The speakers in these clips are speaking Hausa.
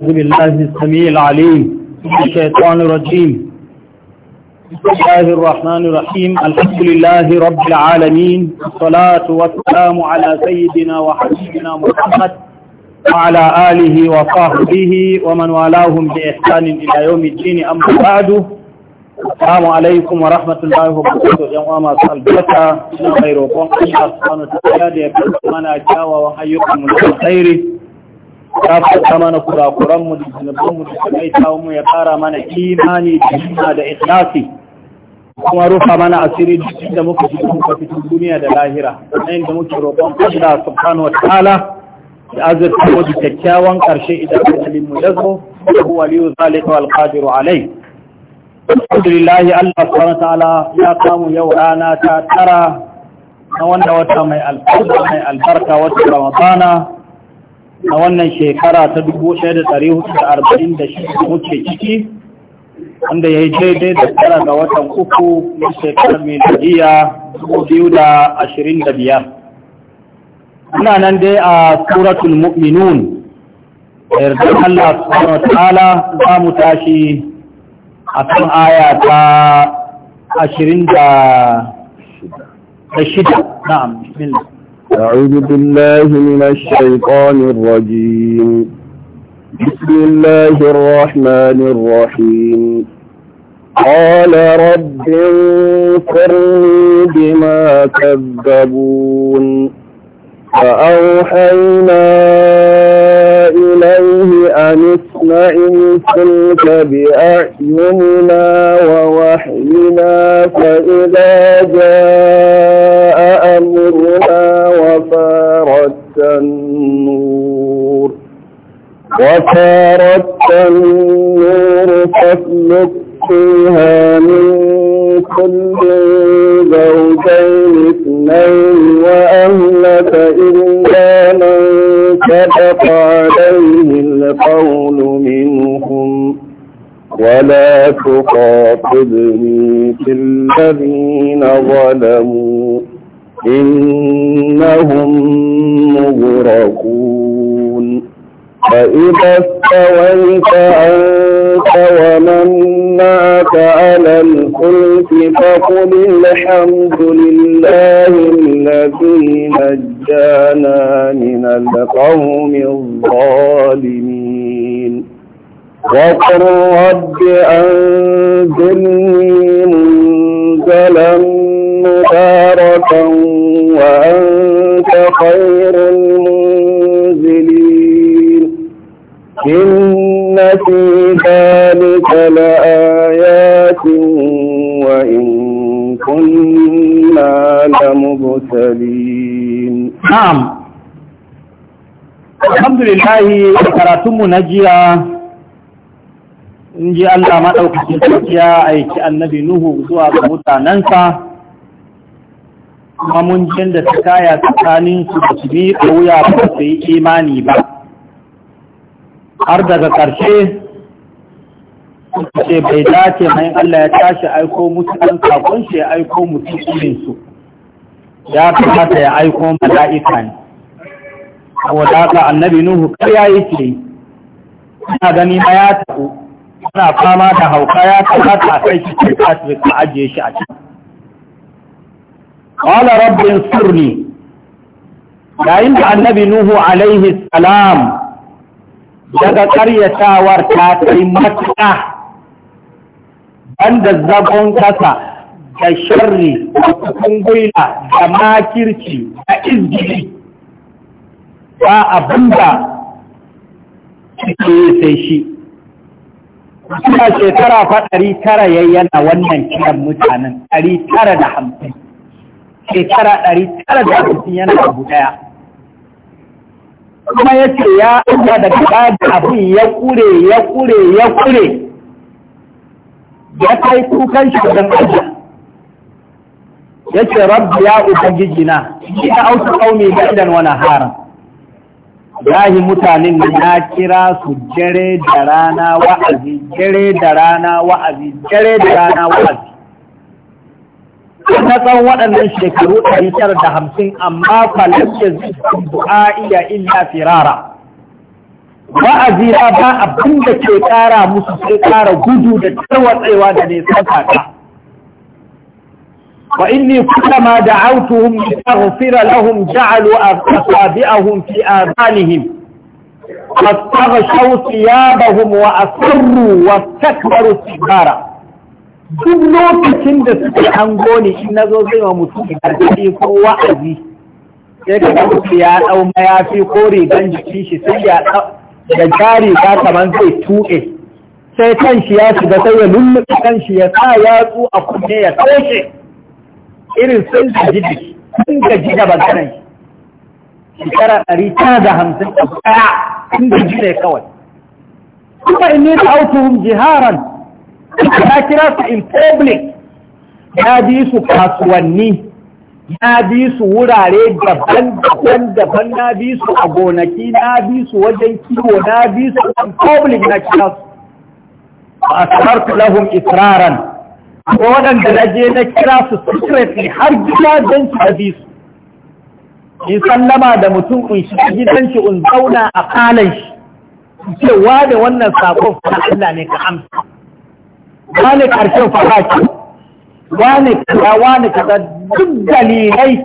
أعوذ بالله السميع العليم الشيطان الرجيم بسم الله الرحمن الرحيم الحمد لله رب العالمين والصلاة والسلام على سيدنا وحبيبنا محمد وعلى آله وصحبه ومن والاهم بإحسان إلى يوم الدين أما بعد السلام عليكم ورحمة الله وبركاته يا أمام البركة خير وقوم الله سبحانه وتعالى يبارك لنا وحيكم من خيره ya fata mana kurakuranmu da zunubanmu da suka mu ya kara mana imani da jima da ikhlasi kuma rufa mana asiri duk da muka fito muka fito duniya da lahira sannan da muke roƙon Allah subhanahu wataala da azurta mu kyakkyawan ƙarshe idan ajalin mu yazo ko liyu zalika wal qadiru alai alhamdulillah Allah subhanahu wataala ya kamu yau rana ta tara na wanda wata mai albarka wata ramadana a wannan shekara ta 1446 muke ciki wanda ya yi daidai da tara ga watan uku na shekarar da 2025 ina nan dai a suratul mu'minun da yardar Allah subhanahu ta'ala za mu tashi a kan aya ta ashirin da shida na'am bismillah أعوذ بالله من الشيطان الرجيم بسم الله الرحمن الرحيم قال رب انصرني بما كذبون فأوحينا إليه أن اصنع الفلك بأعيننا ووحينا فإذا جاء أمرنا وفارت النور وفارت النور فاسلك فيها من كل زوجين اثنين وأهلك إلا من سبق عليه القول منهم ولا تقاتلني في الذين ظلموا إنهم مغرقون فإذا استويت أنت ومن معك على الفلك فقل الحمد لله الذي نجانا من القوم الظالمين وقل رب أنزلني منزلا تارة وأنت خير المنزلين إن في ذلك لآيات وإن كنا لمبتلين نعم الحمد لله karatunmu na jiya in ji Allah maɗaukacin tafiya aiki annabi Nuhu zuwa ga mutanensa kuma mun da ta kaya tsakaninsu da su bi a wuya ba su yi imani ba har daga ƙarshe ce bai dace mai Allah ya tashi aiko musu ɗan kakon shi ya aiko musu irinsu ya mata ya aiko mala'ika ne saboda ka, annabi nuhu kar ya yi ce Ina gani ma ya taɓo ana fama da hauka ya taɓa ta kai shi ce ta ajiye shi a cikin qala rabbin sirni yayin da annabi nuhu alaihi salam daga karyatawar ta kai matuƙa banda zagon ƙasa da sharri cikin gwiwa da makirci da izgili ba abin da suke sai shi suna shekara faɗari tara yayyana wannan kiran mutanen ɗari tara da hamsin shekara ɗari tara da hamsin yana abu ɗaya kuma ya ce ya Allah da gaba da abin ya ƙure ya ƙure ya ƙure ya kai kukan shi don ya ce rabbi ya ubangiji na shi ta auta ƙaumi da idan wani haram zahi mutanen da na kira su jere da rana wa'azi jere da rana wa'azi jere da rana wa'azi na tsawon waɗannan shekaru ɗari tara da hamsin amma falashe zuwa du'a'iya illa firara wa'azira ba abin da ke ƙara musu sai ƙara gudu da tarwatsewa da ne tsakaka wa inni kullama da'awtuhum listaghfira lahum ja'alu asabi'ahum fi adhanihim a ثيابهم وأصروا واستكبروا استكبارا duk lokacin da suka hango ne in nazo zai wa mutum gargaɗi ko wa'azi sai ka ga mutum ya ɗau mayafi ko rigan jikin shi sai ya da jari ga kamar zai tuƙe sai kan shi ya shiga sai ya lulluɓe kan shi ya sa yatsu a kunne ya toshe irin sun ga jiki sun ji da shi shekara ɗari tara da hamsin da ɗaya sun gaji ne kawai kuma in ne ta autuhum jiharan ya kira su in public ya bi su kasuwanni na bi su wurare daban-daban daban na bi su a gonaki na bi su wajen kiwo na bi su in public na kira su a su lahum israran ko waɗanda na je na kira su secretly har gina don su bi su in sallama da mutum in shi gidan shi in zauna a kalan shi cewa da wannan sakon na Allah ne ka amsa wani ƙarshen farashi wani kaza wani kaza duk dalilai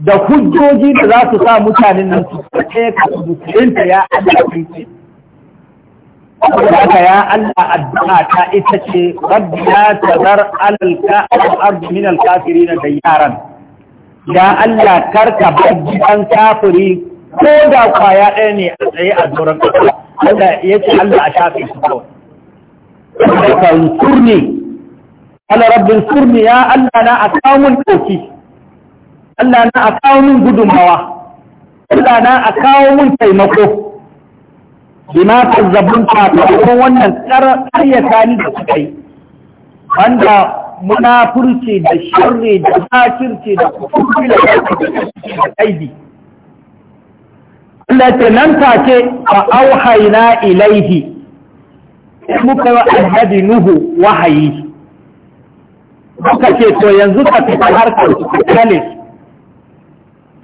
da hujjoji da za su sa mutanen nan su kace ka mutunta ya Allah kai ya Allah addu'a ta ita ce rabbi ya zar alalka min al na da yaran ya Allah karka bar gidan kafiri ko da kwaya ɗaya ne a tsaye a doron ƙasa Allah ya ce Allah a shafe su kawai fansurni ala rabbin surni ya Allah na a kawo ɗauki Allah na a kawo gudunmawa Allah na a kawo taimako bima kazzabun ta ta wannan karyata ni da suka yi wanda munafurci da shirri da makirci da kufurci da kaidi Allah ta nan take fa auhayna ilaihi muka wa alhadi nuhu wahayi muka ce to yanzu ka fita harkar kale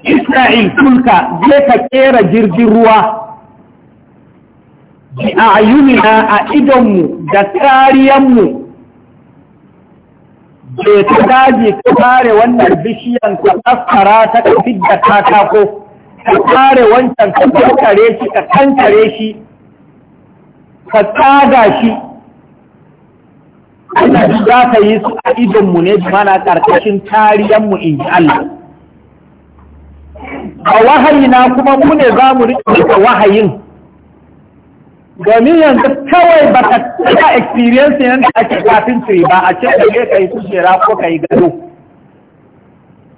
isra'il kulka je ka kera jirgin ruwa a ayyunina a idonmu da kariyanmu je ta daji ka kare wannan bishiyan ka tsafara ta ka fidda katako ka kare wancan ka kankare shi ka kankare shi ka tsaga shi Allah za ka yi su a idonmu ne mana ƙarƙashin mu in ji Allah a wahayina kuma mu ne za mu da wahayin domin yanzu kawai ba ka tsaka experience da ake kafin ba a ce da ka yi kujera ko ka yi gado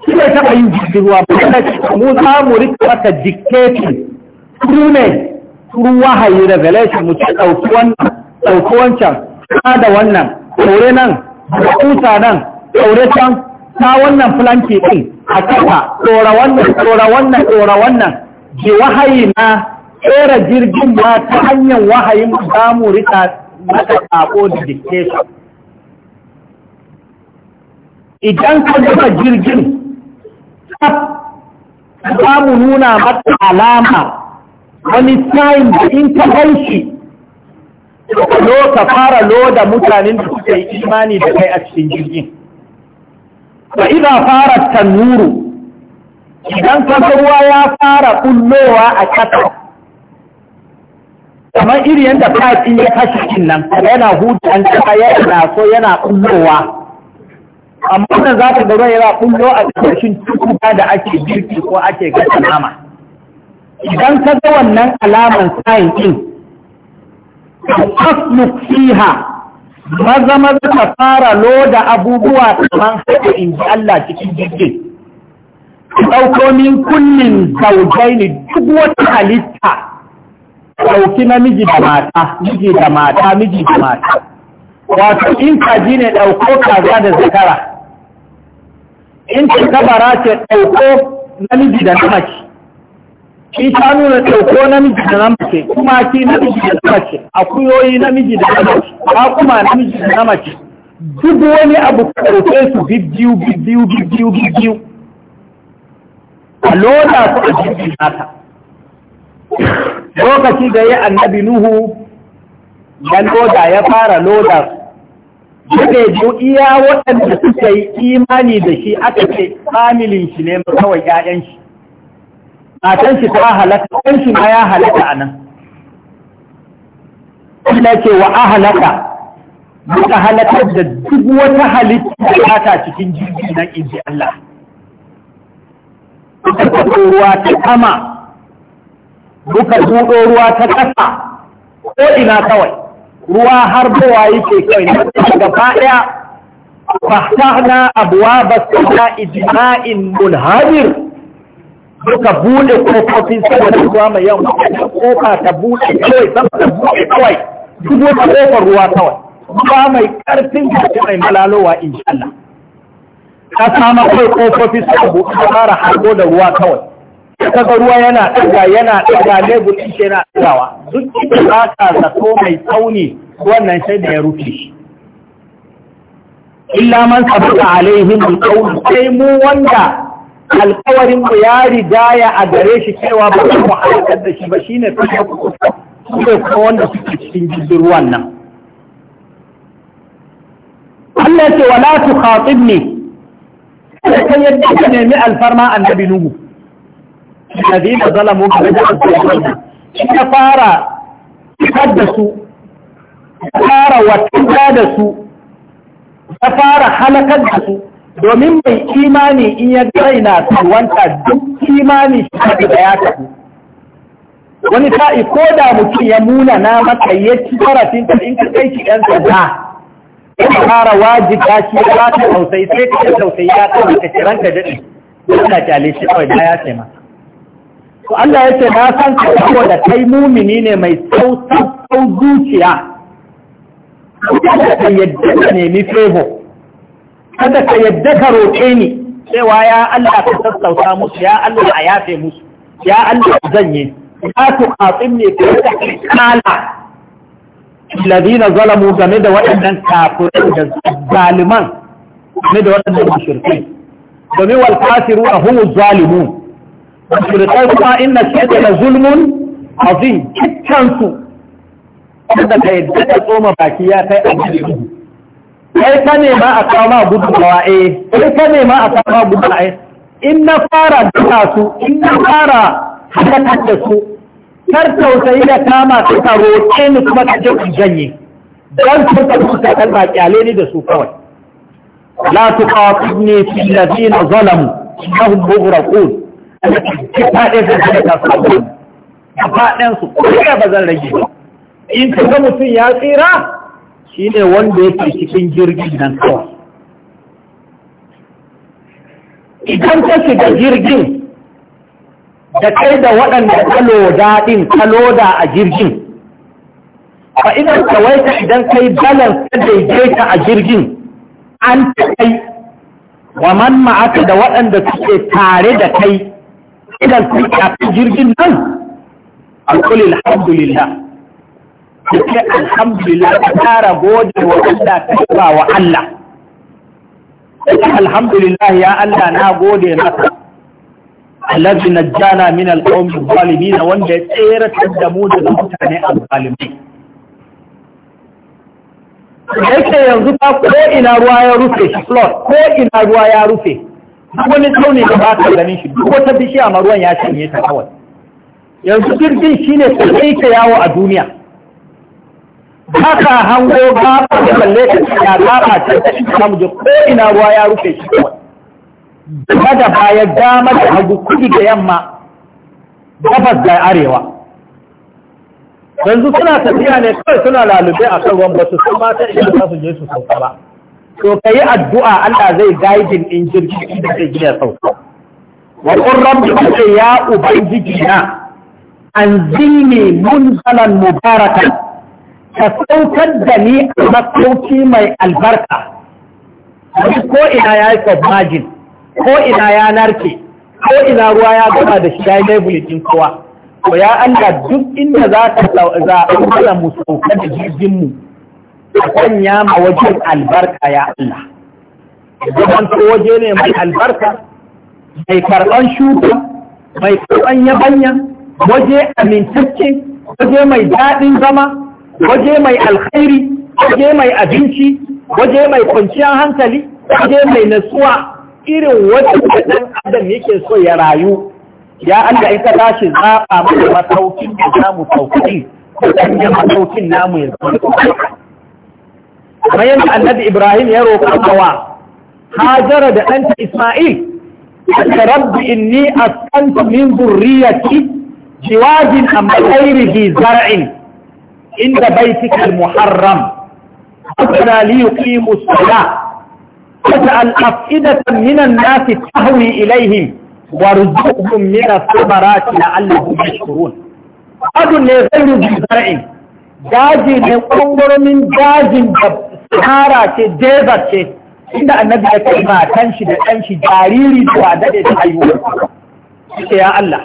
shi ne taɓa yin jirgin ruwa ba da mu za mu riƙe maka dictating through turu wahayi revelation mu ce ɗauki wancan da wannan ɗaure nan da kusa nan ɗaure can ta wannan flanki ɗin a kafa ɗora wannan ɗora wannan ɗora wannan wahayi na tsera jirgin ma ta hanyar wahayin za mu rika mata ƙaƙo da dictation idan ka gama jirgin za mu nuna mata alama wani time da in ka haushi lo ka fara loda mutanen da suka yi imani da kai a cikin jirgin fa idan fara tanuru idan ka ruwa ya fara kullowa a kasa kamar iri yadda fatin ya kashe cin nan yana hutu an kasa yana so yana kullowa amma nan za ka ga ruwa yana a cikin tukuka da ake jirgi ko ake gasa nama idan ka ga wannan alamar sa'in ɗin tasluk fiha maza maza ka fara loda abubuwa kamar haka in ji Allah cikin jirgi ɗauko min kullin zaujai ne duk wata halitta ɗauki na miji da mata miji da mata miji da mata wato in kaji ne ɗauko kaza da zakara in ka kabara ce ɗauko namiji da na mace shi ta nuna ɗauko namiji da namace ki namiji da namace kuyoyi namiji da namace kuma namiji da namace duk wani abu ɗauke su bibbiyu bibbiyu bibbiyu bibbiyu a loda su a jirgin nata lokaci da ya annabi nuhu ya loda ya fara loda su yadda ju iya waɗanda suka yi imani da shi aka ce familin shi ne kawai 'ya'yan shi matan shi ko halaka ɗan shi ma ya halaka a nan Allah ce wa a halaka muka halakar da duk wata da ya ta cikin jirgi nan in ji Allah muka ruwa ta kama muka buɗo ruwa ta ƙasa ko ina kawai ruwa har bawa yake kai na gaba ɗaya fatahna أبواب السماء jima'in munhadir suka bude kofofi saboda ruwa mai yawan kofa ta bude kawai sama ta bude kawai duk wata kofar ruwa kawai ruwa mai karfin gaske mai malalowa insha Allah ka sama kai kofofi suka bude fara harbo da ruwa kawai kaga ruwa yana daga yana daga lebur din shi yana dagawa duk inda ka zato mai tsauni wannan sai da ya rufe illa man sabata alaihim alqawl sai mu wanda alkawarin mu ya riga ya a gare shi cewa ba za mu halakar da shi ba shine ne kuma wanda suke cikin jirgin ruwan nan Allah ce wala tu khatibni kai yadda ka nemi alfarma annabi nuhu alladhina zalamu bi da'wati shi ta fara fitar da su fara wata da su ta fara halakar da su domin mai imani in ya na tsawanta duk imani shi da ya tafi wani sa'i ko da mutum ya muna na maka ya ci farafin ta in ka kai shi ‘yan sanda in fara wajiba shi ya ta tausayi sai ka ta tausayi ya ta maka kiran ka daɗi Allah kyale shi kawai da ya ce maka to Allah ya ce na san ka da kai mumini ne mai sautan sau zuciya Allah ka yadda ka nemi favor kada ka yadda ka roƙe ni cewa ya Allah ka sassauta musu ya Allah a yafe musu ya Allah zanye ya tuqatim ne ka yadda kala alladhina zalamu game da waɗannan kafirai da zaliman game da waɗannan mushrikai domin wal kafiruna humu zalimun mushrikai kuma inna shirka la zulmun azim dukkan kada ka yadda ka tsoma baki ya kai annabi kai ka ne ma a kama a eh kai ka ne ma a kama a eh in na fara duka su in na fara halakar da su kar tausayi da kama su ka roƙe ni kuma ka je in janye dan sun ka su ka kalma kyale ni da su kawai la tuqatibni fi alladhina zalamu innahum mughraqun ki fade da ka sabu faɗin su ko ba zan rage ba in ka ga mutum ya tsira shi ne wanda yake cikin jirgin nan kawai idan ka shiga jirgin da kai da waɗanda kalo daɗin kaloda a jirgin ba idan kawaita idan kai balance ta daidaita a jirgin an ta kai wa man ma'aka da waɗanda suke tare da kai idan kai a jirgin nan alkulil alhamdulillah sai alhamdulillah ka tara gode wa Allah ka yaba wa Allah alhamdulillah ya Allah na gode maka allazi najjana min alqawmi zalimin wanda ya tsere da mu daga mutane azzalimai yake yanzu ba ko ina ruwa ya rufe shi flood ko ina ruwa ya rufe duk wani tsauni da ba ka ganin shi duk wata bishiya ma ruwan ya cinye ta kawai yanzu jirgin shine sai ka yawo a duniya ba hango ba ka kalle ka ya ba ta ta samu je ko ina ruwa ya rufe shi kawai da baya dama da hagu kudi da yamma gabas da arewa yanzu suna tafiya ne kawai suna lalube a kan ruwan basu sun mata iya za su je su sauka ba to ka yi addu'a Allah zai gaidin in jirgi da zai gina sauka wa qurrab ya ubangiji na mun munzalan mubarakan ka saukar da ni a matauki mai albarka ko ina ya yi submergin ko ina ya narke ko ina ruwa ya gama da shi ya yi labulitin kowa Ko ya Allah duk inda za ka zaɓa mu sauka da jirginmu a sanya ma wajen albarka ya Allah zaman ko waje ne mai albarka mai karɓar shuka mai karɓar yabanya waje amintacce waje mai daɗin zama waje mai alkhairi waje mai abinci waje mai kwanciyar hankali waje mai natsuwa irin wata da ɗan adam yake so ya rayu ya Allah in ka tashi zaɓa mai masaukin da namu ko da yi masaukin namu ya zama kuma yanzu annabi Ibrahim ya roƙa kawa Hajara da ɗanta Ismail ka rabbi inni askantu min zurriyati jiwajin amma ghairi bi zar'in inda baitikal muharram أخرى ليقيموا الصلاة تجعل أفئدة من الناس تهوي إليهم وارزقهم من الثمرات لعلهم يشكرون أدن غير ذي زرع daji ne ƙwangurumin dajin da sahara ce desert ce inda annabi ya kai matan shi da ɗan jariri zuwa daɗe da haihuwa ce ya Allah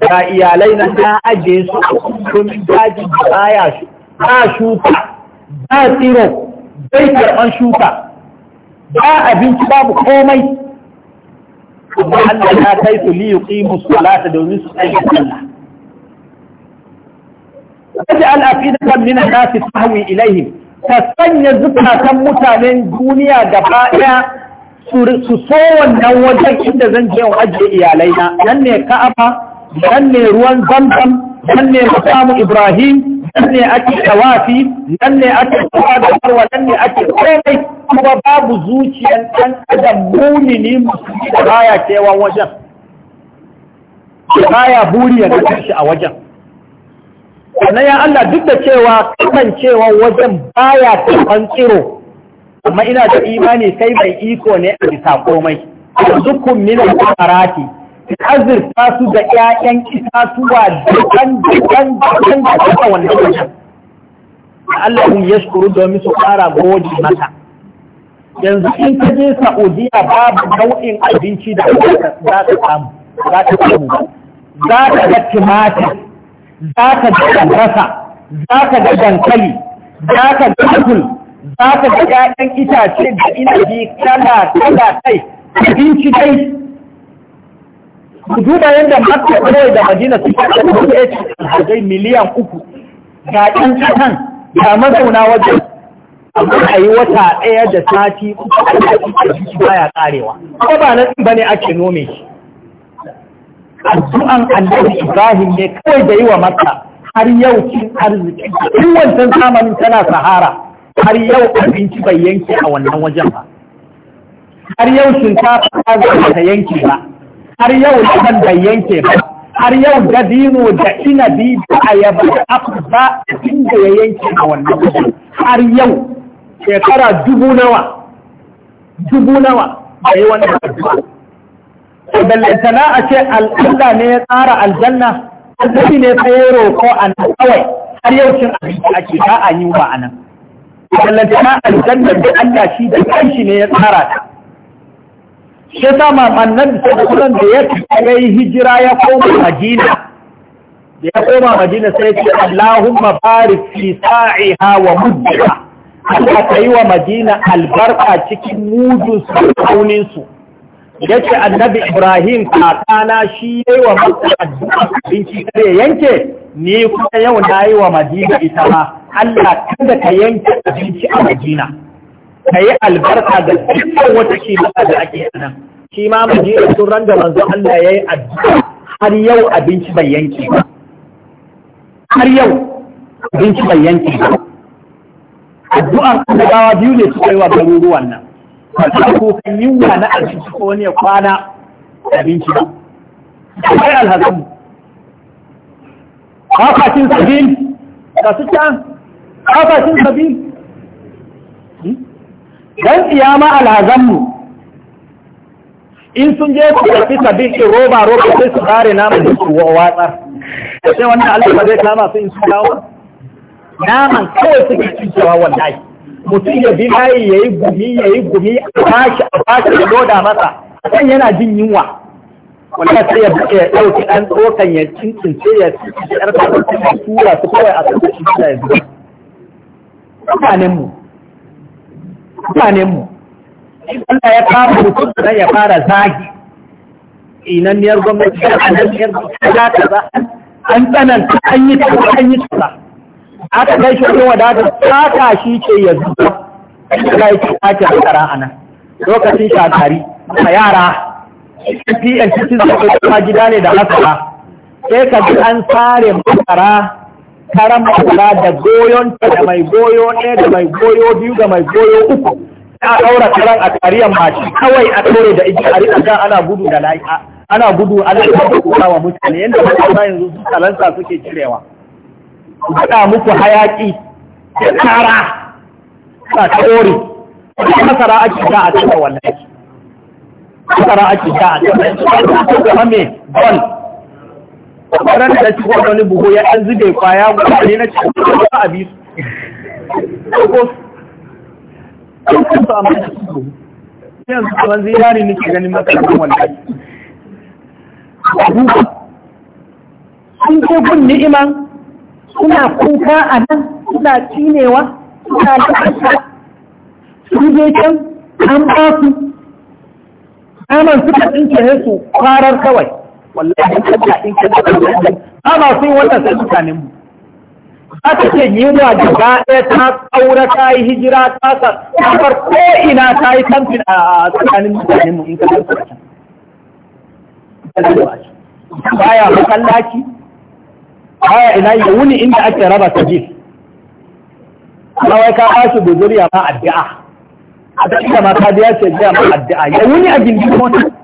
ga iyalai nan ta ajiye su a kusurin daji baya ba shuka ba tsiro bai karɓar shuka ba abinci babu komai amma Allah ya kai su liyu qimu salata domin su tsaye Allah taj'al afidatan min an-nasi tahwi ilaihim ta sanya zukatan mutanen duniya gaba ɗaya su so wannan wajen inda zan je in ajiye iyalai na nan ne ka'aba nan ne ruwan zamzam nan ne makamu ibrahim nan ne ake tawafi nan ne ake tawa da harwa nan ne ake komai kuma babu zuciyar ɗan adam munini musulmi da baya cewa wajen baya buri ya ga shi a wajen sannan ya Allah duk da cewa cewa wajen baya karɓan tsiro amma ina da imani kai mai iko ne a bisa komai yanzu kun min al azurta su da 'ya'yan itatuwa daban daban daban da suka wannan wajen Allah ya shukuru domin su ƙara gode mata yanzu in ka je Saudiya babu nau'in abinci da za ka samu za ka samu ba za ka ga tumatir za ka ga albasa za ka ga dankali za ka ga apple za ka ga 'ya'yan itace da inabi kala kala kai abinci dai mu duba yadda makka kawai da madina suke kasa da wasu miliyan uku ga ɗan kasan ga mazauna wajen amma a yi wata ɗaya da sati uku a yi aiki baya ƙarewa ko ba na ba ne ake nome shi addu'an annabi ibrahim ne kawai da yi wa makka har yau cin arziki tun wancan zamanin tana sahara har yau abinci bai yanke a wannan wajen ba har yau shinkafa ta zama ta yanke ba har yau ban da yanke ba har yau dabino da ina inabi da ayaba da abu ba inda ya yanke a wannan wajen har yau shekara dubu nawa dubu nawa da yi wannan addu'a to ballantana a ce al'alla ne ya tsara aljanna annabi ne ta yi roƙo a nan kawai har yau cin abinci ake ba a yi ba a nan ballantana aljanna da Allah shi da kanshi ne ya tsara ta shi ta nan da sauran da ya yi hijira ya koma madina da ya koma madina sai ce Allahumma barik fi sa'iha wa muddiha Allah ta yi wa madina albarka cikin mudun saunin su yace annabi Ibrahim kakana shi yi wa masa addu'a binci kare yanke ni kuma yau na yi wa madina ita ma Allah kada ka yanke abinci a madina ka yi albarka ga dukkan wata kimanta da ake nan shi ma mu je sun randa manzo Allah ya yi addu'a har yau abinci bai yanke ba har yau abinci bai yanke ba addu'ar annabawa biyu ne suka yi wa garuruwan nan ko kan wa na abinci ko wani ya kwana abinci ba akwai alhazan cin sabin ga su can kafacin sabin don tsiyama alhazanmu in sun je ku karfi sabbin roba roba sai su bare naman da su watsar da sai wannan allah zai kama su in su dawo naman kawai suke cewa wallahi mutum ya bi layi ya yi gumi ya yi gumi a bashi a bashi da loda masa a kan yana jin yunwa wallahi sai ya buke ya ɗauki ɗan tsokan ya cincince ya cincince ya tura su kawai a shi da ya zuba mutanenmu mutanenmu Allah ya fara mutum da ya fara zagi niyar gwamnati da ananniyar gwamnati da an tsananta an yi tsara an yi tsara aka kai shi wani wadatar tsaka shi ce ya zuba ya yi ta a tsara a nan lokacin shakari a yara pn sun zaɓe kuma gida ne da masara sai ka ji an tsare masara karambala da goyon da mai goyo ɗaya da mai goyo biyu da mai goyo uku ta ɗaura karan a kariyar mace kawai a ɗaure da igiya a ga ana gudu da la'i'a ana gudu a lalata da kuka wa mutane yadda matasa yanzu su talansa suke cirewa ku muku hayaƙi da tara ta ɗore masara ake da a cikin wallahi masara ake da a cikin wallahi kuma me bol ran da ci wanda wani buhu ya ɗan zube kwaya guda ne na cikin kuma a bi su ko su amma da su buhu yanzu kamar ziyari nake ganin makarantar wallahi sun ce gun ni'iman suna kuka a nan suna cinewa suna da su je can an ba su naman suka tsince su kwarar kawai wallahi in ka in ka ba ma sun wannan sai mutanen mu aka ce yunwa gaba ɗaya ta ƙaura ta yi hijira ta safar ko ina ta yi kamfin a tsakanin mutanen mu in ka san ba baya masallaci baya ina yi wuni inda ake raba ta sajil wai ka ba shi guzuri ma addu'a a ta ma ta biya ce biya ma addu'a ya wuni a gindin mota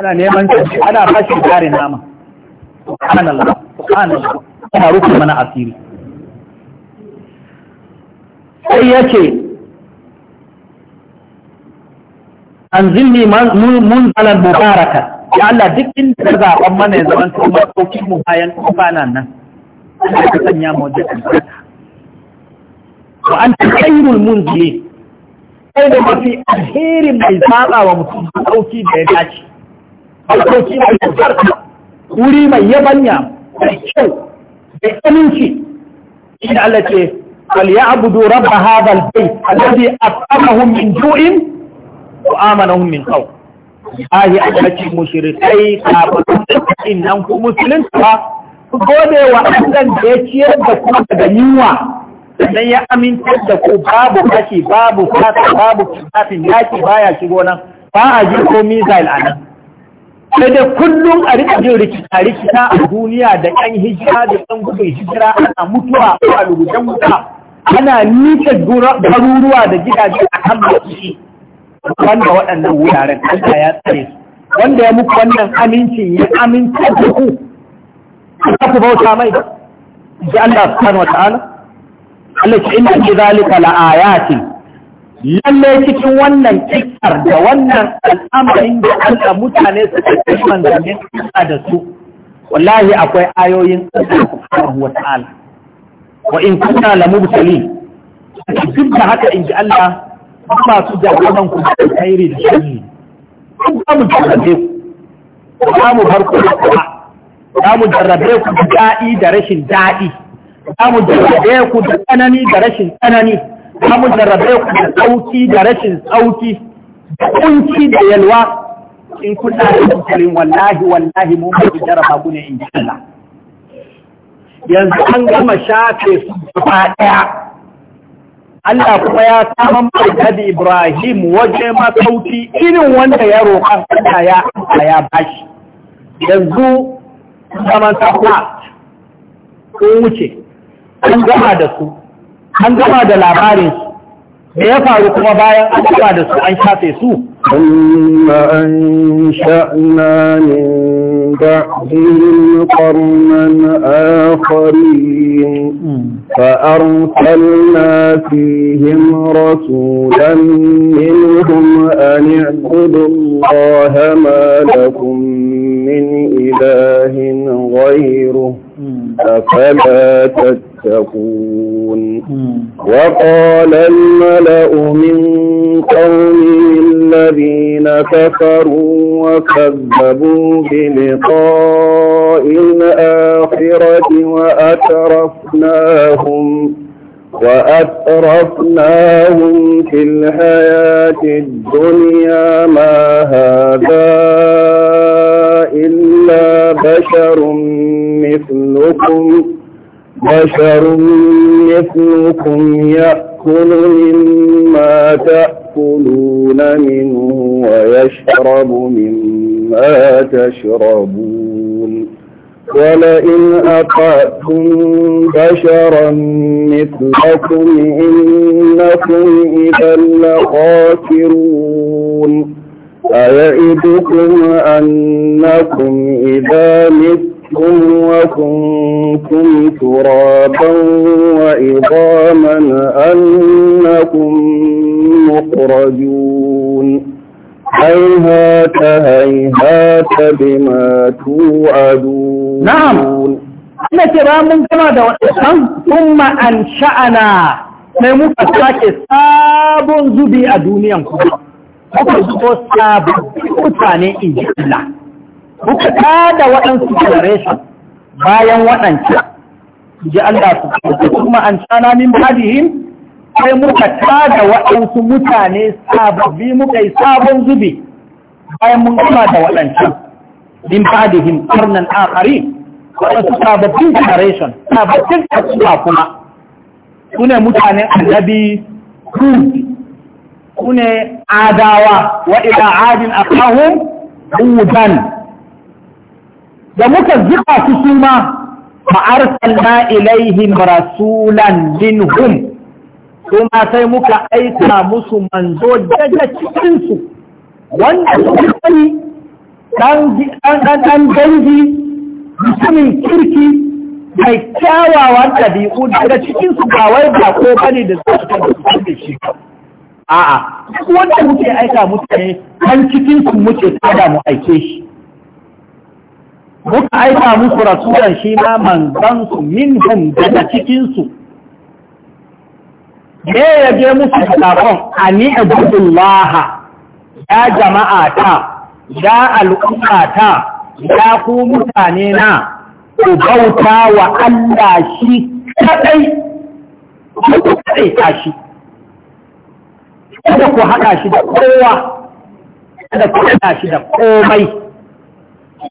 ana neman tafi ana fashi kare nama subhanallah ana rufe mana asiri sai An yace mun munzalan mubaraka ya Allah duk inda ka zaɓan mana ya zama kuma sauƙin mu bayan na nan ka sanya mu wajen albarka an ta kairul munzili kai da mafi alherin mai zaɓa wa mutum ɗauki da ya dace farkoki mai albarka wuri mai yabanya mai kyau mai aminci shi Allah ce falyabudu rabb hadha albayt alladhi at'amahum min ju'in wa amanahum min khawf ahi akaci mushrikai kafin nan ku musulunta ku gode wa Allah da ya ciyar da ku daga yunwa sannan ya amintar da ku babu kashi babu fata babu kafin yaki baya shigo nan ba a ji ko misal a nan. sai dai kullum a rika jin rikita rikita a duniya da yan hijira da ɗan gudun hijira ana mutuwa a rubutan wuta ana nike garuruwa da gidaje a kan masu wanda waɗannan wuraren Allah ya tsare su wanda ya muku wannan amincin ya aminta da ku za ku bauta mai ji Allah subhanahu wa ta'ala Allah ce inna fi zalika la'ayatin lallai cikin wannan kikar da wannan al'amarin da Allah mutane su kai manzannin Allah da su wallahi akwai ayoyin Allah subhanahu wata'ala wa in kunna la mubtali duk da haka in ji Allah ba su jaruman ku da kairi da shi kun ba mu jarrabe ku Za mu bar ku da kuma Za mu jarrabe ku da daɗi da rashin da'i. Za mu jarrabe ku da tsanani da rashin tsanani za jarrabe ku da sauki da rashin sauki da kunci da yalwa in kuna da hankalin wallahi wallahi mu mu jarraba ku ne in Allah yanzu an gama shafe su gaba daya Allah kuma ya saman Annabi Ibrahim waje masauki irin wanda ya roƙa Allah ya Allah ya bashi yanzu zaman kuma sun wuce an gama da su an gama da labarin me ya faru kuma bayan an gama su an shafe su Inna an sha'na ne da hin ƙarnan afirin fa arutar na fi him rasu dan yin kuma ani gudun ƙohama da kummin ilahin gairu أفلا تتقون وقال الملأ من قومه الذين كفروا وكذبوا بلقاء الآخرة وأترفناهم وأترفناهم في الحياة الدنيا ما هذا إلا بشر مثلكم بشر مثلكم يأكل مما تأكلون منه ويشرب مما تشربون ولئن أطعتم بشرا مثلكم إنكم إذا لخاسرون أيعدكم أنكم إذا متم وكنتم ترابا وإظاما أنكم مخرجون هيهات هيهات بما توعدون نعم ina cewa mun gama da waɗannan kuma an sha'ana mai muka sake sabon zubi a duniyan kuka zuko sababbin mutane in ji Allah kuka kada waɗansu generation bayan waɗancan ji Allah su kuka kuma an tsana min hadihin sai muka kada waɗansu mutane sababbi muka yi sabon zubi bayan mun kuma da waɗancan min badihim karnan akari waɗansu sababbin generation sababbin kasuwa kuma su ne mutanen annabi kuma kune adawa wa ila adin akahum hudan da muka zuba su su ma fa'arsalna ilaihim rasulan minhum kuma sai muka aika musu manzo daga cikinsu wanda su sani ɗan dangi mutumin kirki mai kyawawan ɗabi'u daga su ba wai ba ko bane da su da shi a'a duk wanda muke aika mutane kan cikin ku muke tada mu aike shi muka aika musu rasulan shi ma manzan su minhum daga cikin su me ya je musu kafon ani abdullah ya jama'a ta ya al'umma ta ya ku mutane na ku bauta wa Allah shi kadai ku kadai ta shi kada ku haɗa shi da kowa kada ku haɗa shi da komai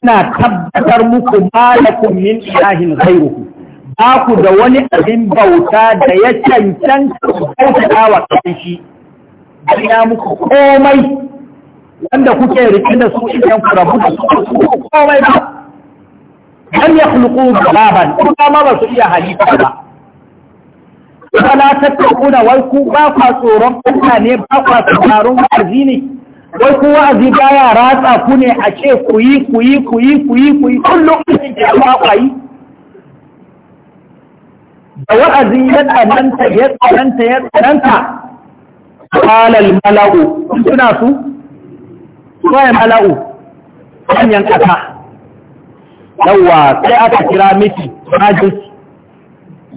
ina tabbatar muku malakun min ilahin ghairuhu ba ku da wani abin bauta da ya cancanta ku bauta wa kan shi ya muku komai wanda kuke riƙe da su idan ku rabu da su komai ba dan ya khluqu kuma ba su iya halitta ba wala tattakuna wai ku ba kwa tsoron Allah ne ba kwa tsaron wa'azi ne wai ku wa'azi baya ratsa ku ne a ce ku yi ku yi ku yi ku yi ku yi kullum cikin da ba kwa yi da wa'azi ya tsananta ya tsananta ya tsananta halal mala'u suna su suwaye mala'u hanyar kasa yawwa sai aka kira miki majis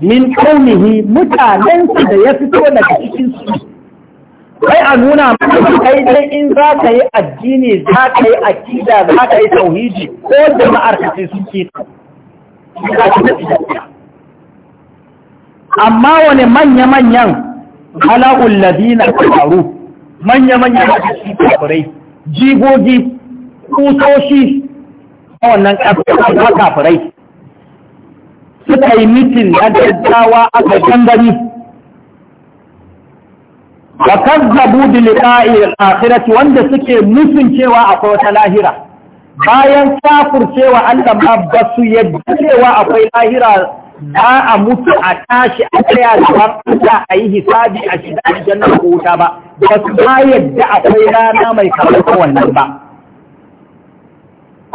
min kaunihi mutanensa da ya fito daga cikin su kai a nuna maka kai dai in za ka yi addini za ka yi akida za ka yi tauhiji ko jama'ar ka sai suke amma wani manya-manyan hala'ul ladina faru manya-manyan da su kafirai jigogi kusoshi a wannan kafirai suka yi mitin na gaggawa a ƙarshen gari wa kazzabu bi liqa'i al-akhirati wanda suke musun cewa akwai wata lahira bayan cewa Allah ma ba su yadda cewa akwai lahira za a mutu a tashi a tsaya da ba a yi hisabi a shiga ajiyar ko ba ba su ba yadda akwai rana mai kamar wannan ba.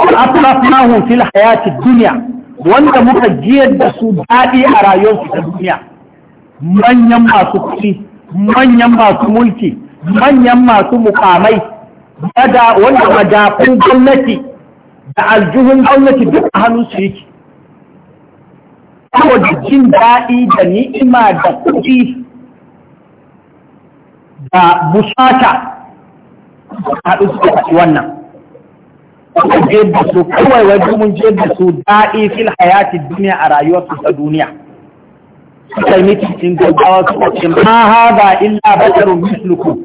na fil hayati duniya wanda muka jiyar da su daɗi a rayuwarsu ta duniya manyan masu kuɗi manyan masu mulki manyan masu mukamai wanda madafun gwamnati da aljihun gwamnati duk a hannun su yake saboda jin daɗi da ni'ima da kuɗi da busata haɗu su wannan suka jiyar da su kawai wajen mun je da su da'i fil hayati duniya a rayuwarsu ta duniya suka yi mitin gaggawa suka ce ma ba illa basharun mislukum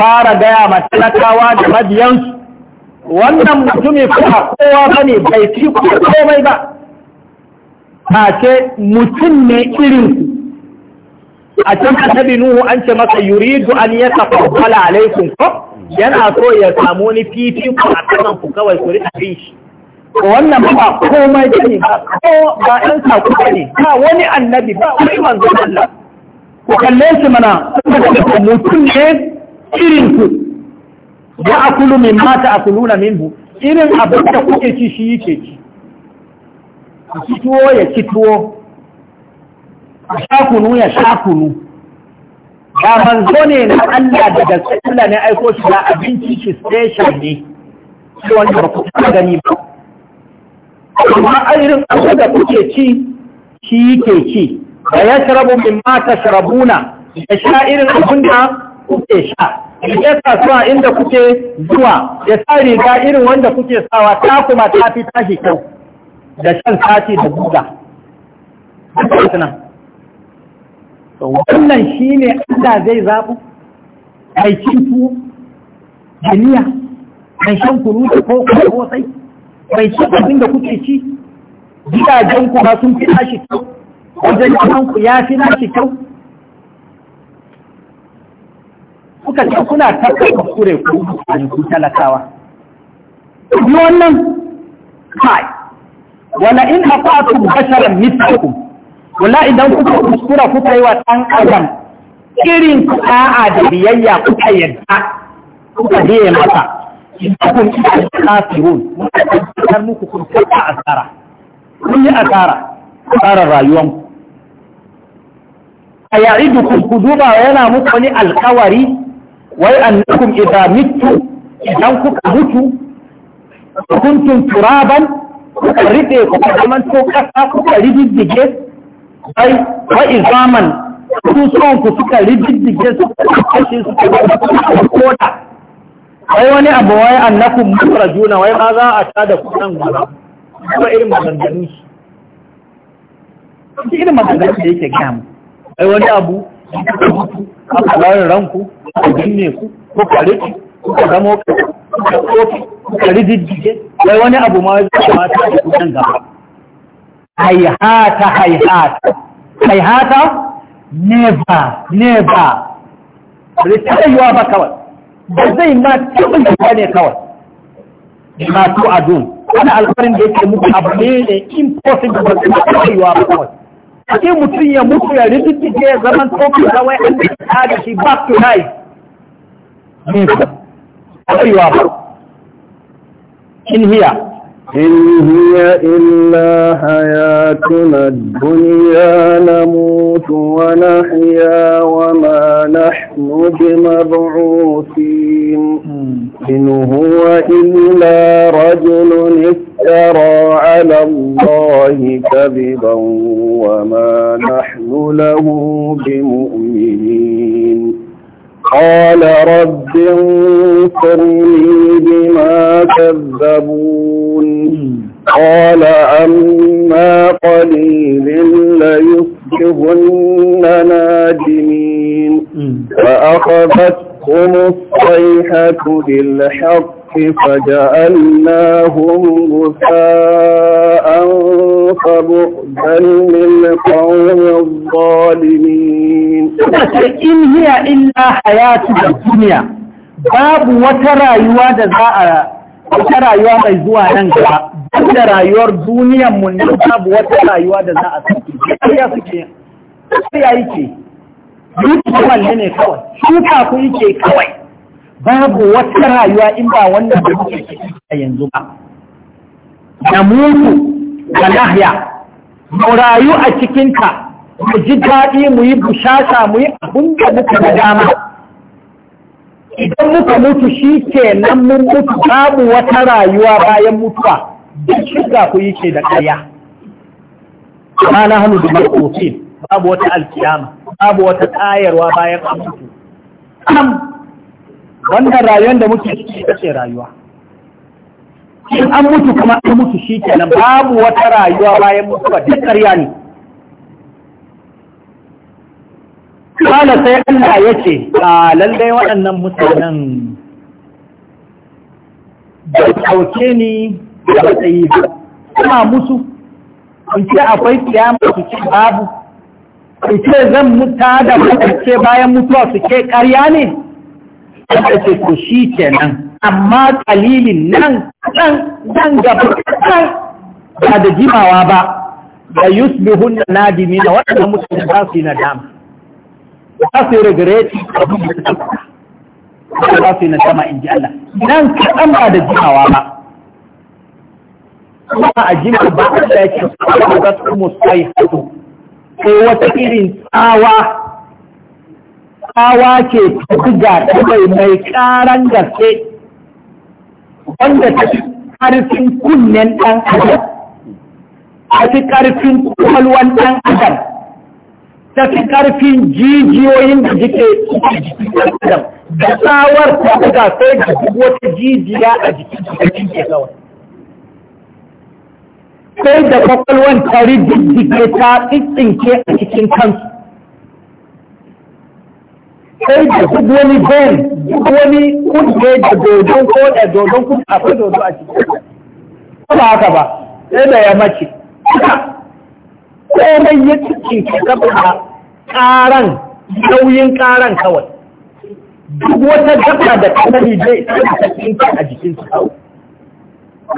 fara gaya ma talakawa da mabiyansu wannan mutumin kuma kowa ba ne bai fi kuma komai ba ta ce mutum ne irin a can tabi nuhu an ce masa yuridu an yatafaddala alaikum ko yana so ya samu wani fifiko a kan ku kawai ku rika bin shi wannan ba komai ne ba ko ba ɗan sakuwa ne ba wani annabi ba wani manzo Allah ku kalle shi mana mutum ne irin ku ya akulu min mata akuluna minhu irin abin da kuke ci shi yake ci ku ci tuwo ya ci tuwo a sha kunu ya sha kunu ba manzo ne na Allah da gaske Allah ne aiko shi da abinci shi special ne shi wanda ba ku gani ba amma irin abu da kuke ci shi yake ci da ya sharabu min ma sharabuna. ya sha irin abin da kuke sha ya kasuwa inda kuke zuwa ya sa riga irin wanda kuke sawa ta kuma ta fi tashi kyau da shan sati da guga. wannan shi ne Allah zai zaɓu mai cintu jiniya mai shan kuru da ko kosai mai ci abin da kuke ci gidajen ku ba sun fi nashi kyau wajen gidan ku ya fi nashi kyau kuka ce kuna da kure ku a ku talakawa duk wannan kai wala in su bashara mithakum Wala idan kuka kuskura kuka yi wa ɗan adam irin ka'a da biyayya kuka yadda kuka biye masa kun kafirun mun muku kun a asara kun yi asara rayuwan ku. a ya'idukum ku duba yana muku wani alkawari wai annakum idza mittu idan kuka mutu kuntum turaban kuka rike kuka to kasa kuka rididdige ai wa izaman su son ku suka rididdige su kashe su ta kota ai wani abu wai annakum mutrajuna wai ma za a tada ku nan gaba kuma irin maganganun shi shi irin maganganun da yake gamu ai wani abu a lauyin ranku a binne ku ko kare ku kuka zama kuka tsofi kuka rididdige wai wani abu ma zai kamata ku nan gaba haihata haihata haihata never never ritayewa ba kawai ba zai ma taɓin yawa ne kawai masu adun wani alfarin da yake muku abu ne ne impossible ba zai taɓewa ba kawai ake mutum ya mutu ya rikice ya zaman tofi kawai an da ta da shi back to life ne ba taɓewa ba in hiya in hiya illa الحياة الدنيا الحق فجعلناهم غفاء فبعدا للقوم الظالمين إن هي إلا حياة الدنيا باب وترى يواد ذا وترى يواد يزوى ننجا باب رايور دنيا من باب وترى يواد ذا أسكي كيف يسكي كيف يسكي duk kwalle ne kawai shuka ku yi yake kawai babu wata rayuwa in ba wannan da muke ciki a yanzu ba Da mutu da lahya mu rayu a cikinta mu ji daɗi mu yi bushasa mu yi abin da muka da dama idan muka mutu shi ke nan mun mutu babu wata rayuwa bayan mutuwa duk shiga ku yi ce da ƙarya amma na hannu da babu wata alkiyama babu wata ƙayarwa bayan an wannan rayuwar da muke ciki ita ce rayuwa in an mutu kuma an mutu shi kenan babu wata rayuwa bayan mutuwa duk ƙarya ne kala sai Allah ya ce a lallai waɗannan mutanen da ɗauke ni da matsayi ba Kuma musu in ce akwai kiyama su ce babu in ce zan muta da ce bayan mutuwa su ke ƙarya ne Allah ce ku shi kenan amma kalilin nan nan dan gaba ba da jimawa ba da yusbihun na nadimi da waɗannan mutum za su yi nadama za su yi regreti abin da suka faɗa za su yi dama in ji Allah nan kaɗan ba da jimawa ba kuma a jima ba Allah ya ce ba za su musayi hatu sai wata irin tsawa tsawa ke ta buga ta mai mai ƙaran gaske wanda ta fi ƙarfin kunnen ɗan adam ta fi ƙarfin kwalwan ɗan adam ta fi ƙarfin jijiyoyin da jike jikin adam da tsawar ta buga sai da wata jijiya a jikin jikin ke kawai sai da kwakwalwan ta jike ta tsitsinke a cikin kansu sai da duk wani ben duk wani kudde da dodon ko da dodon kudi akwai dodo a cikin ba haka ba sai da ya mace komai ya cikin ka da karan nauyin karan kawai duk wata dabba da kamari dai ta tsinka a jikin su kawai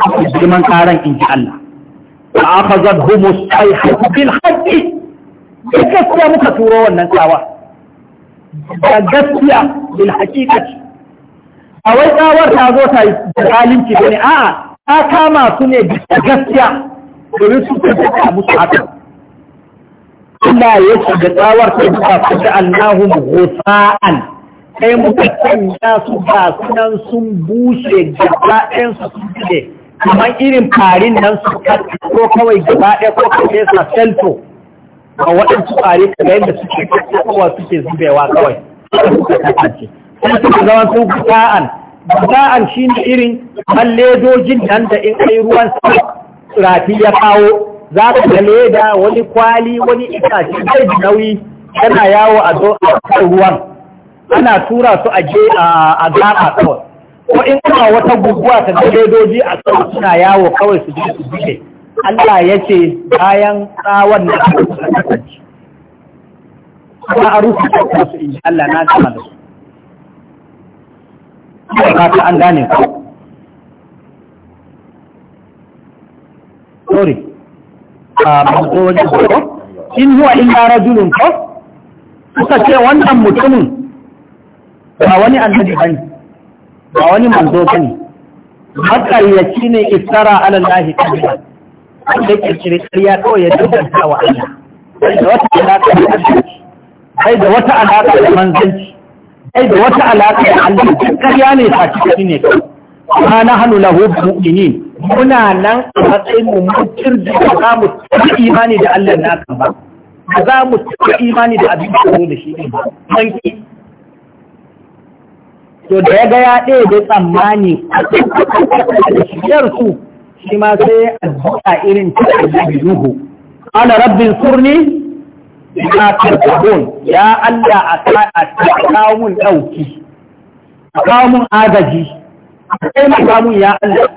akwai girman karan in ji Allah fa akhadhahum as-sayhatu bil haqqi kika muka turo wannan tsawa da gaskiya bil haqiqati a wai tsawar ta zo ta yi da zalunci bane a'a ta kama su ne da gaskiya domin su ta musu haka Allah ya ce da tsawar ta zuwa fata Allahum ghusa'an sai muka ya su ba sunan sun bushe gaba ɗayan su sun ne kamar irin farin nan su ko kawai gaba ɗaya ko kawai sa selfo a waɗansu ƙwari ka yadda suke kakkawa suke zubewa kawai sai suka zama su buta'an. Buta'an shi ne irin malledojin nan da in kai ruwan sama rafi ya kawo za ka ga leda wani kwali wani itace zai ji nauyi yana yawo a zo a kan ruwan ana tura su a je a gaba kawai ko in kuma wata guguwa ta ledoji a kan suna yawo kawai su je su bude. Allah ya ce bayan tsawon da aka kusa kasance ba a rufe da su in Allah na sama da su ba ta an gane ku sorry a mazo wajen ko in huwa in ya rajulun ko suka ce wannan mutumin ba wani annabi bane ba wani manzo bane makaryaci ne iftara ala lahi kadiba wanda kirkiri ƙarya kawai ya danganta wa Allah sai da wata alaƙa da arziki sai da wata alaƙa da manzanci sai da wata alaƙa da Allah duk ƙarya ne ta kashi ne ma na hannu na lahu mu'minin muna nan a matsayin mu mutum da ba za mu ci imani da Allah na kan ba ba za mu ci imani da abin da da shi ne ba to da ya ga ya ɗaya da tsammani a cikin da shiyar su shi ma sai addu'a irin ta annabi Nuhu ana rabbin surni ina tarkabun ya Allah a kawo ɗauki a kawo agaji a taimaka mun ya Allah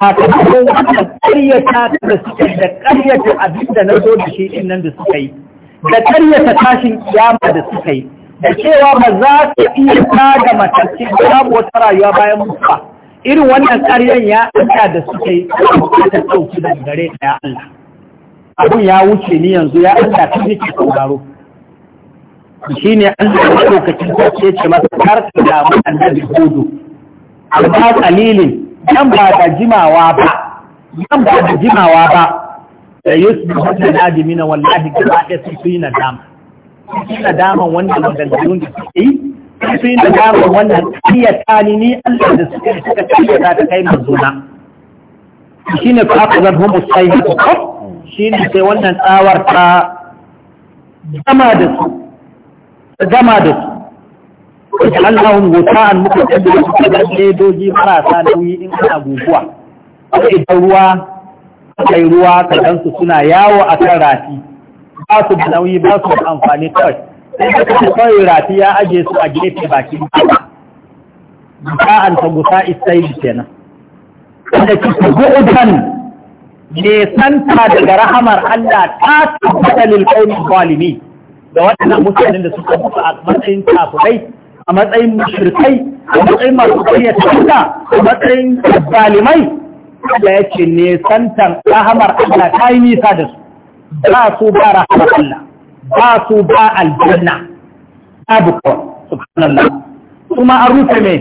a kawo wannan ƙaryata da suke, da karyata abin da na zo da shi ɗin nan da suka yi da karyata tashin kiyama da suka yi da cewa ba za su iya tada matakin babu wata rayuwa bayan mutuwa irin wannan karyan ya ɗauka da suka yi bukatar ɗauki da gare da ya Allah abin ya wuce ni yanzu ya Allah ta nake sauraro shi ne Allah ya ɗaukacin sarki ya ce masa kar ka damu annabi hudu amma kalilin yan ba da jimawa ba ba da jimawa ba da su da nadimina wallahi gaba ɗaya sun fi nadama su fi nadaman wanda magandarun da suke yi su da nadama wannan ƙaryata ni ni Allah da suka yi suka ta kai manzona shi ne ku aka zan homo sai shi sai wannan tsawar ta gama da su gama da su wajen Allahun wuta an muka ɗaɗɗe su ka ɗaɗɗe marasa nauyi in ana guguwa ko idan ruwa kai ruwa ka suna yawo a kan rafi ba su da nauyi ba su da amfani kawai sai ta rafi ya aje su a gefe bakin sa'an ta gusa isra'il kenan wanda kisa gu'udan ne santa daga rahamar Allah ta tabbata lil qawmi zalimi da waɗannan mutanen da suka mutu a matsayin kafirai a matsayin mushrikai a matsayin masu kariya ta a matsayin zalimai Allah ya ce ne santan rahamar Allah ta yi nisa da su ba su ba rahamar Allah ba su ba aljanna babu ko subhanallah kuma an rufe ne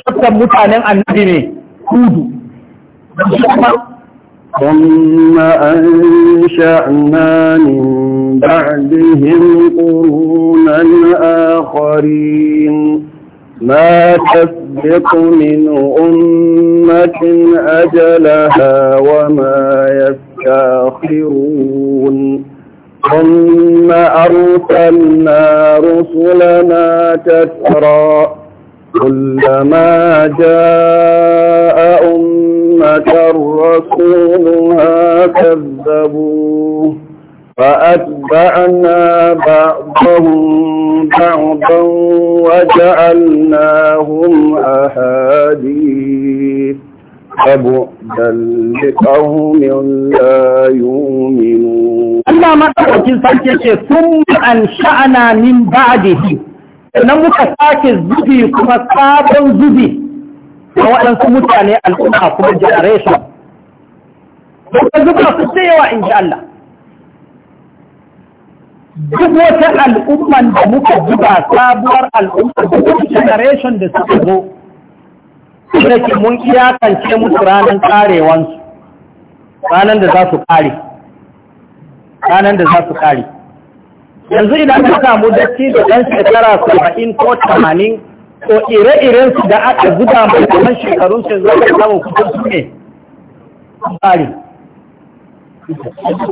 shakkan mutanen annabi ne kudu ثم أنشأنا من بعدهم قرونا آخرين ما تسبق من أمة أجلها وما يستاخرون ثم أرسلنا رسلنا تترى كلما جاء أمة رسولها كذبوه فأتبعنا بعضهم بعضا وجعلناهم أحاديث فبعدا لقوم لا يؤمنون Allah madaukakin sarki ce sun an sha'ana min ba'dihi sannan muka sake zubi kuma sabon zubi a waɗansu mutane al'umma kuma generation Muka zuba su ce yawa in ji Allah. Duk wata al'umman da muka zuba sabuwar al'umma da generation da suka zo, da ke mun iyakance musu ranar karewansu, ranar da za su kare. ranar da za su kare yanzu idan ka samu datti da ɗan shekara saba'in ko tamanin ko ire-iren su da aka zuba mai kamar shekarun su zai ka samu kusur su ne kare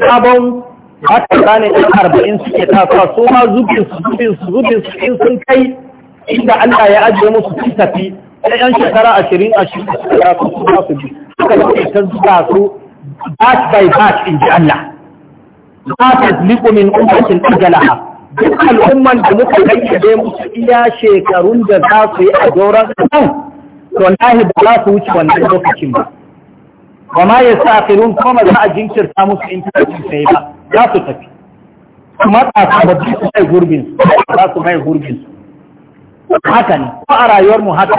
sabon haka ranar ɗan arba'in suke tasowa su ma zubin su zubin su zubin su in sun kai inda Allah ya ajiye musu su tafi sai yan shekara ashirin ashirin da su su bi Haka ce ta zuba su batch by batch in ji Allah ma tazliqu min ummatin ajalaha duk al'umman da muka kayyade musu iya shekarun da za su yi a doron kan wallahi ba za su wuce wannan lokacin ba wa ma ya sa firun kuma ba za a jinkirta musu in tafi sai ba za su tafi kuma tsaka ba su mai gurbin za su mai gurbin haka ne ko a rayuwar mu haka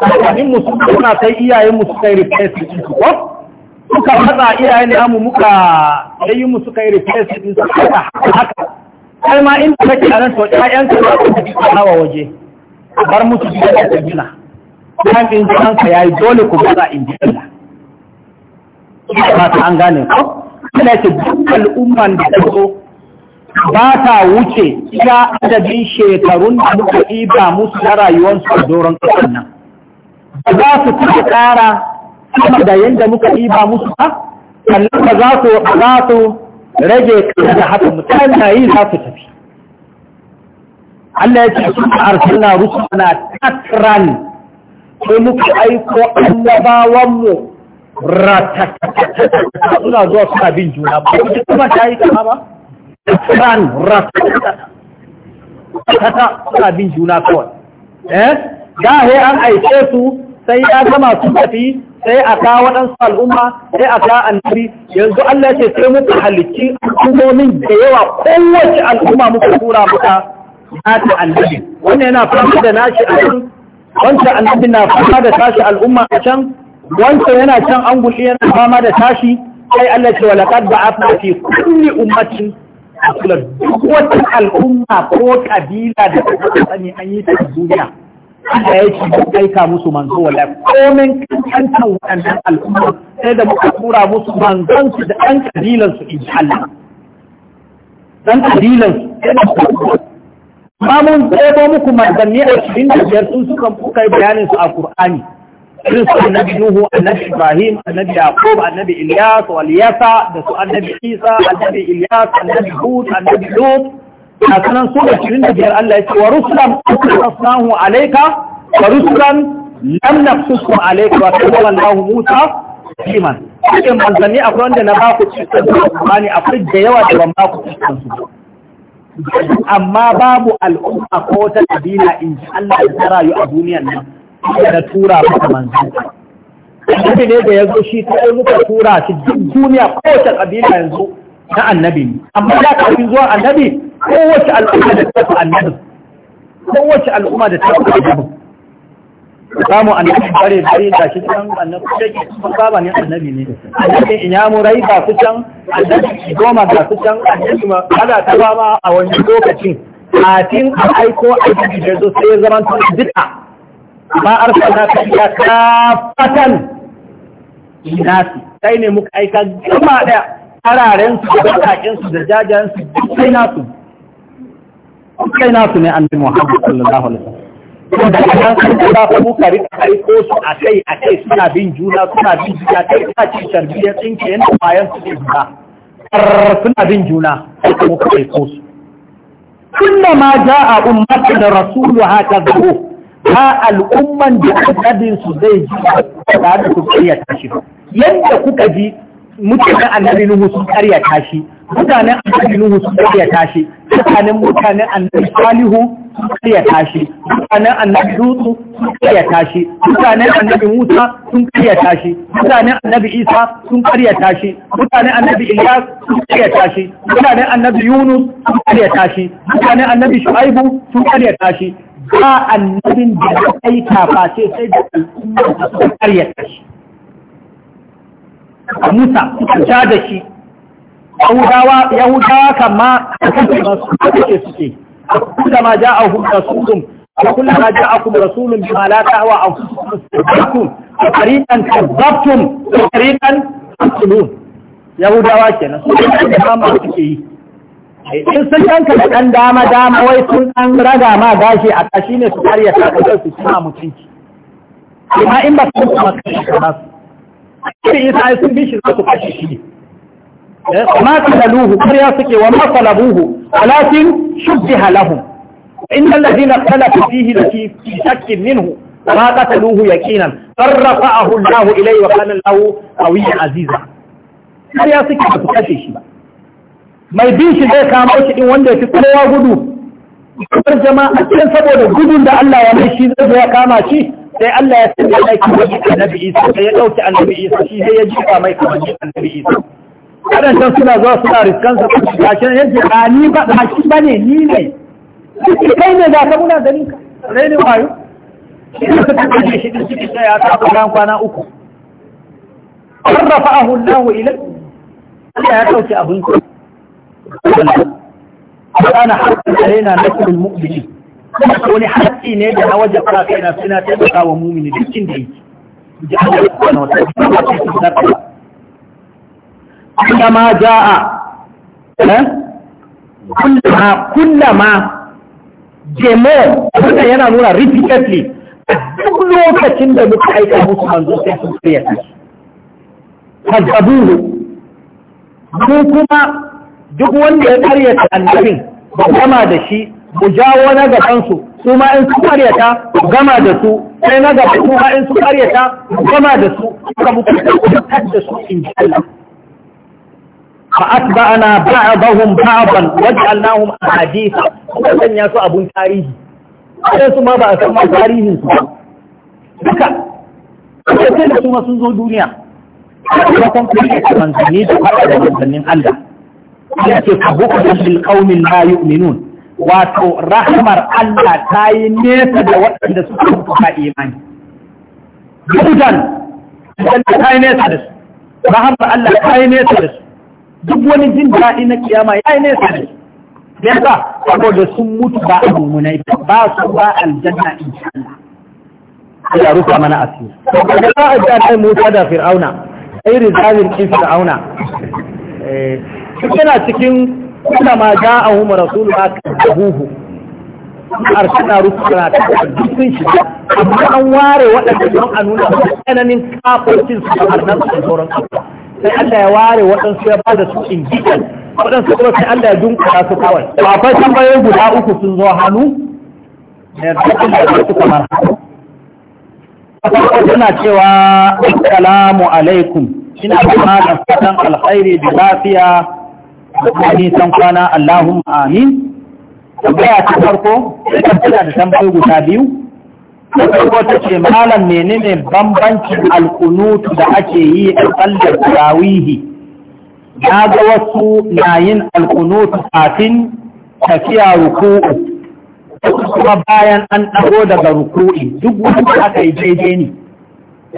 tsakanin mu suna sai iyayen mu su kai replace su ko suka iya iyayen namu muka ɗayi mu suka yi replace ɗin su haka haka kai ma in ta kake anan to ƴaƴan ka ba su ji hawa waje bar musu ji da tabina kan in kan ya yi dole ku gaza in ji Allah ba ta an gane ko kana ce duk al'umman da ta zo ba ta wuce iya adadin shekarun da muka ɗiba musu na rayuwarsu a doron ƙasar nan ba za su ta ƙara sama da yadda muka ɗiba musu ba sannan ba za su za su rage da haka mutane na yi za su tafi Allah ya ce suna arsalna rusana tatran sai muka aiko annabawanmu ratatata suna zuwa suna bin juna ba kuma ta yi kama ba tatran suna bin juna kawai eh da an aike su sai ya gama su tafi sai a ka waɗansu al'umma sai a ka annabi yanzu Allah ya ce sai muka halicci al'ummomin da yawa kowace al'umma muka tura muka ta annabi wannan yana fama da nashi a can wancan annabi na fama da tashi al'umma a can wancan yana can an yana fama da tashi sai Allah ce walaqad ba'athna fi kulli ummatin rasulan duk wata al'umma ko kabila da ta sani an yi ta duniya Allah ya ce aika musu manzo wallahi komen kankan waɗannan al'umma sai da muka tura musu manzon da ɗan kabilan su Allah Ɗan kabilan su sai da muka tura ma mun tsebo muku manzanni a cikin biyar sun suka kai bayanin su a Qur'ani irin su annabi Nuhu annabi Ibrahim annabi Yaqub annabi Ilyas wal da su annabi Isa annabi Ilyas annabi Hud annabi Lut a sanan so da shirin biyar Allah ya ce wa rusulan asnahu alaika wa rusulan lam naqsusu alaika wa kallama Allah Musa kiman cikin manzanni akwai wanda na baku cikin Qur'ani akwai da yawa da ban ku cikin su amma babu al'umma ko ta kabila in ji Allah ya tsara yi a duniyar nan da tura maka manzanni annabi ne da yanzu shi ta yi muka tura shi duk duniya kowace ƙabila yanzu na annabi ne amma da kafin zuwa annabi kowace al'umma da ta fi annabin kowace al'umma da tafi fi annabin samu annabi bare bare da shi can annabi da ke kuma saba ne annabi ne annabi rai ba su can annabi goma ga su can annabi ma kada ta ba ma a wani lokacin kafin a aiko aiki da zo sai zaman tun bid'a ba arsalna ka ya kafatan inasi Sai ne muka aika gaba daya kararen su da kakin su da jajayen su sai nasu kai su ne an muhammadu sallallahu alaihi wasallam da kan kan da ku kari kai ko su akai akai suna bin juna suna bin juna kai ta ci tarbiya tsinke yana bayan su ne juna suna bin juna ko kai ko su kullama jaa ummatan rasuluha kadhabu ha al'umman da annabin su zai ji da su kiyata shi yadda kuka ji mutanen annabi Nuhu sun karya tashi mutanen annabi Nuhu sun karya tashi mutanen mutanen annabi Salihu sun karya tashi mutanen annabi Lutu sun karya tashi mutanen annabi Musa sun karya tashi mutanen annabi Isa sun karya tashi mutanen annabi Ilyas sun karya tashi mutanen annabi Yunus sun karya tashi mutanen annabi Shu'aibu sun karya tashi ba annabin da ya aika face sai da al'umma sun karya tashi a musa suka ja da shi yahudawa kama suke suke kullama ja'ahum rasulun وكلما جاءكم رسول بما لا A انفسكم استكبرتم فريقا كذبتم وفريقا تقتلون يهوداwa kenan su ne da ma suke yi eh, in sun yanka da ɗan dama dama wai sun ɗan raga ma gashi a ƙashi ne su karya ta su suna mutunci amma in ba su kuma ta ka sai isa sun bi shi za su kashe shi eh, ma qataluhu kariya suke wa ma salabuhu walakin shubbiha lahum innal ladina ikhtalafu fihi lafi shakkin minhu ما قتلوه يقينا بل رفعه الله إليه وكان الله قويا عزيزا har ya suke ba su kashe shi ba mai bin shi zai kama shi din wanda ya fi kowa gudu kamar jama'a cikin saboda gudun da Allah ya mai shi zai ya kama shi sai Allah ya sanya mai kamar annabi Isa sai ya ɗauki annabi Isa shi sai ya jifa mai kamar annabi Isa waɗancan suna zuwa suna riskan sa ga shi yanzu ba ni ba ba shi ba ne ni ne kai ne za ka muna ganin ka rai ne wayo shi ne suka kaje shi din cikin ya ta bayan kwana uku arrafa'ahu Allahu ilai Allah ya dauke abin ku ana da alaina nasrul mu'minin wani haƙƙi ne da na wajen sa kai na suna taimaka wa mumini duk inda yake ji Allah subhanahu wa ta'ala jaa eh? kullama kullama jemo wanda yana nuna repeatedly duk lokacin da muka aika musu manzo sai su tsaya fadabuhu ko kuma duk wanda ya karyata annabin ba kama da shi ku jawo na kansu su ma in su karyata gama da su sai na gaba su ma in su karyata gama da su kuma ta da su in ji Allah fa atba'ana ba'dahum ba'dan waj'alnahum ko san sanya su abun tarihi sai su ma ba a san ma tarihin su duka sai da su ma sun zo duniya ba san kuma da manzanni da faɗa da manzannin Allah ya ce fa bu'dan lil qaumin la yu'minun wato rahmar Allah ta yi nesa da waɗanda suka mutu ka imani gudan ta yi nesa da su rahmar Allah ta yi nesa da su duk wani jin daɗi na kiyama ya yi nesa da su yasa saboda sun mutu ba a mummunai ba su ba aljanna in sha Allah Ya rufa mana asiri da za a ja kai Musa da Fir'auna sai rizalin din Fir'auna eh cikin kuma ma ja a huma rasulu ba ka buhu arsuna rusuna ta dukkan shi amma an ware waɗanda don a nuna tsananin kafofin su a nan su sauran abu. sai Allah ya ware waɗansu ya bada su injikan waɗansu kuma sai Allah ya dunkula su kawai akwai tambayoyi guda uku sun zo hannu da yarda da su kamar haka tana cewa assalamu alaikum ina da fatan alkhairi da lafiya hadisan kwana Allahumma amin tambaya ta farko ita tana da tambayoyi guda biyu ta farko ta ce malam menene bambancin alkunutu da ake yi a tsallar tarawihi na ga wasu na yin alkunutu kafin tafiya ruku'u kuma bayan an ɗago daga ruku'i duk wanda aka yi daidai ne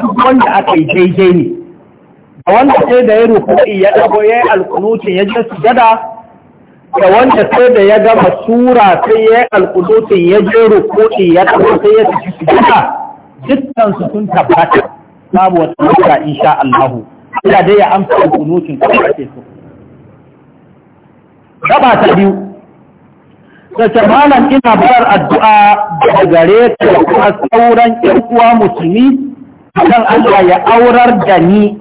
duk wanda aka yi daidai ne a wanda sai da ya rufu'i ya ɗago ya yi alkunutin ya je sujada da wanda sai da ya gama sura sai ya yi alkunutin ya je rufu'i ya ɗago sai ya tafi sujada dukkan su sun tabbata babu wata matsala insha Allahu ya dai ya amsa alkunutin ko kace su gaba ta biyu sace malam ina barar addu'a daga gare ta kuma sauran ƴan uwa musulmi kan Allah ya aurar da ni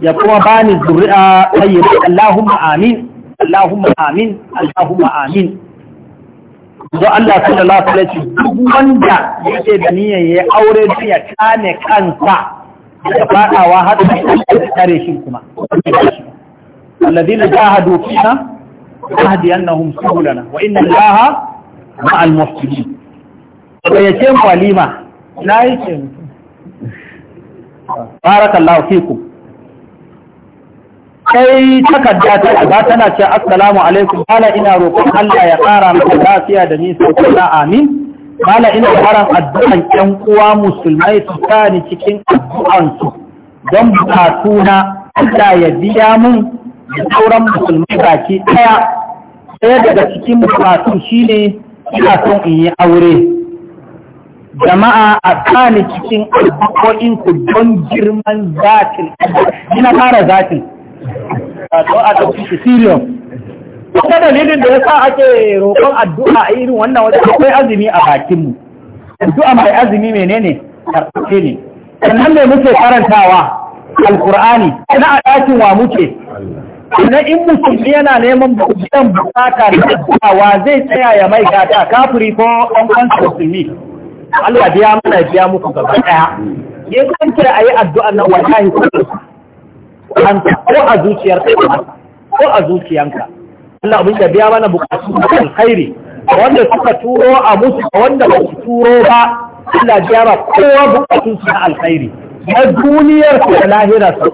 ya kuma bani zuri'a tayyiba Allahumma amin Allahumma amin Allahumma amin don Allah sallallahu alaihi wasallam wanda yake da niyyar ya aure da ya kane kansa da fadawa har da kare shi kuma alladhina jahadu fina ahdiyannahum subulana wa inna Allaha ma'al muhsinin da yake walima na yake barakallahu fikum Sai takarda ta gaba tana ce assalamu alaikum ala ina roƙon Allah ya ƙara maka lafiya da ni sai kuma amin mala ina haran addu'an ƴan uwa musulmai su tsani cikin addu'ansu don bukatuna Allah ya biya mun da sauran musulmai baki ɗaya ɗaya daga cikin bukatu shine ina son in yi aure jama'a a tsani cikin addu'o'inku don girman zatin ina fara zatin addu'a ta fi dalilin da sa ake roƙon addu'a a irin wannan wajen akwai azumi a bakin mu addu'a mai azumi menene karfafe ne sannan me muke karantawa Alkur'ani? ina a ɗakin wa muke sannan in musulmi yana neman biyan bukata da addu'a wa zai tsaya ya mai gata kafiri ko ɗan kansa musulmi Allah biya mana biya muku gaba ɗaya. Yin kwanci a yi addu'a nan wallahi kuma kanka ko a zuciyarka ko a zuciyanka Allah abin da biya mana bukatu da alkhairi wanda suka turo a musu wanda ba su turo ba Allah biya ba kowa bukatun su na alkhairi na duniyar su da lahira su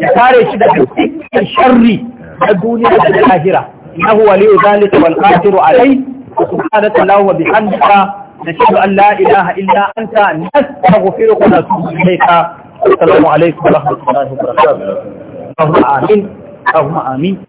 ya kare shi daga dukkan sharri na duniyar da lahira innahu waliyu zalika wal qadiru alai subhanaka allahumma bihamdika نشهد أن لا إله إلا أنت نستغفرك ونتوب إليك السلام عليكم ورحمة الله وبركاته اللهم آمين اللهم آمين